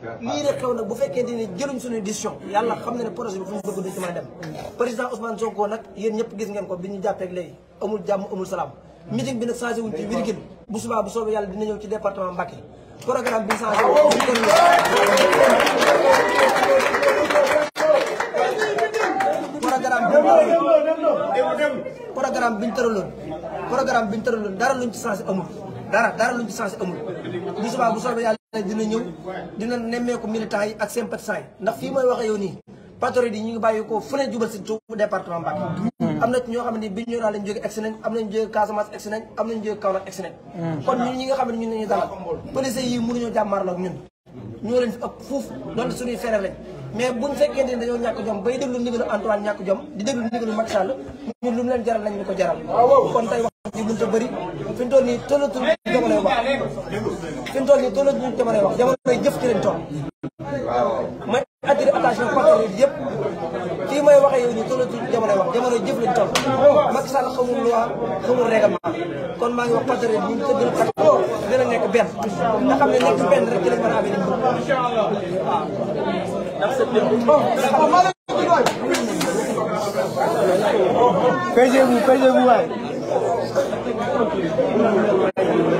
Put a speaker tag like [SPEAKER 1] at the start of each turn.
[SPEAKER 1] lii rek xew nag bu fekkee ne jëluñ suñu décision yàlla xam na ne projet bi fu ñu bëgg du ci mën a dem président Ousmane Sonko nag yéen ñëpp gis ngeen ko bi ñu jàppeek léegi amul jàmm amul salaam meeting bi nag changé wuñ ci wirgin bu subaa bu soobee yàlla dina ñëw ci département Mbacké programme bi changé programme bi ñu tëraloon programme bi ñu tëraloon dara luñ ci changé amul dara dara luñ ci changé amul bu subaa bu soobee yàlla dina ñëw dina nemmeeku militants yi ak sympathisants yi ndax fii mooy waxee yow nii patriote yi ñu ngi bàyyi ko fu ne jubal si Touba département Mbacké mm. am na ñoo xam ne biñ ñu daal lañ jóge egsi nañ am nañ jóge Casamance egsi nañ am nañ jóge Kaolack egsi nañ mm. kon ñun ñi nga xam ne ñun nañu dalal policiers yi mënuñoo jàmmaarloo ak ñun ñoo leen fi ëpp fuuf doonte suñuy fere lañ mais buñ fekkee ne dañoo ñàkk jom bay déglu ndigalu Antoine ñàkk jom di déglu ndigalu Macky Sall ñun lu mu leen jaral nañ ñu ko jaral ah, kon tey wax ji mënta bëri fi ñu toll nii tëlatul jamonoy wax fi mu toll nii tolloo ñu jamonoy wax jamonoy jëf ci lañ toll. may attiré attention patriote yëpp fii may waxee yow nii tolloo ñu jamonoy wax jamonoy jëf lañ toll. Macky Sall xamul loi xamul règlement kon maa ngi wax patriote yi ñu tëdd na kat dina nekk benn nga xam ne nekk benn rek ci lañ mën a amee liñ bëgg. waaw.